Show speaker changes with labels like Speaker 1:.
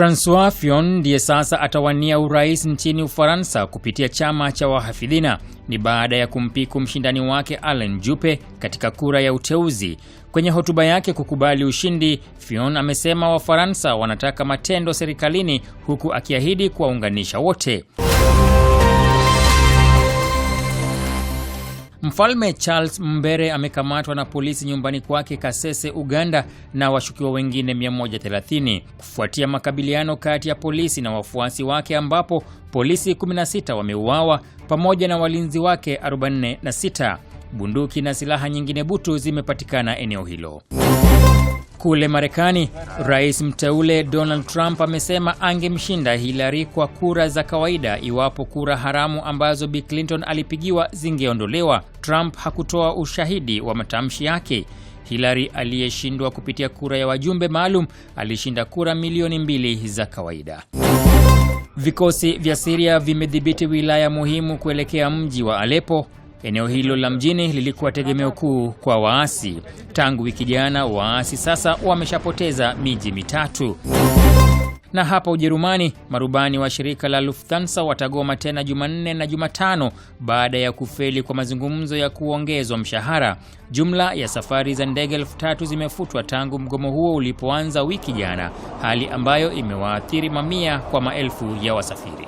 Speaker 1: Francois fion ndiye sasa atawania urais nchini Ufaransa kupitia chama cha wahafidhina. Ni baada ya kumpiku mshindani wake Alain Juppe katika kura ya uteuzi. Kwenye hotuba yake kukubali ushindi, fion amesema Wafaransa wanataka matendo serikalini, huku akiahidi kuwaunganisha wote. Mfalme Charles Mbere amekamatwa na polisi nyumbani kwake Kasese, Uganda na washukiwa wengine 130 kufuatia makabiliano kati ya polisi na wafuasi wake ambapo polisi 16 wameuawa pamoja na walinzi wake 46. Bunduki na silaha nyingine butu zimepatikana eneo hilo. Kule Marekani, rais mteule Donald Trump amesema angemshinda Hillary kwa kura za kawaida iwapo kura haramu ambazo Bill Clinton alipigiwa zingeondolewa. Trump hakutoa ushahidi wa matamshi yake. Hillary aliyeshindwa kupitia kura ya wajumbe maalum alishinda kura milioni mbili za kawaida. Vikosi vya Syria vimedhibiti wilaya muhimu kuelekea mji wa Aleppo Eneo hilo la mjini lilikuwa tegemeo kuu kwa waasi. Tangu wiki jana, waasi sasa wameshapoteza miji mitatu. Na hapa Ujerumani, marubani wa shirika la Lufthansa watagoma tena Jumanne na Jumatano baada ya kufeli kwa mazungumzo ya kuongezwa mshahara. Jumla ya safari za ndege elfu tatu zimefutwa tangu mgomo huo ulipoanza wiki jana, hali ambayo imewaathiri mamia kwa maelfu ya wasafiri.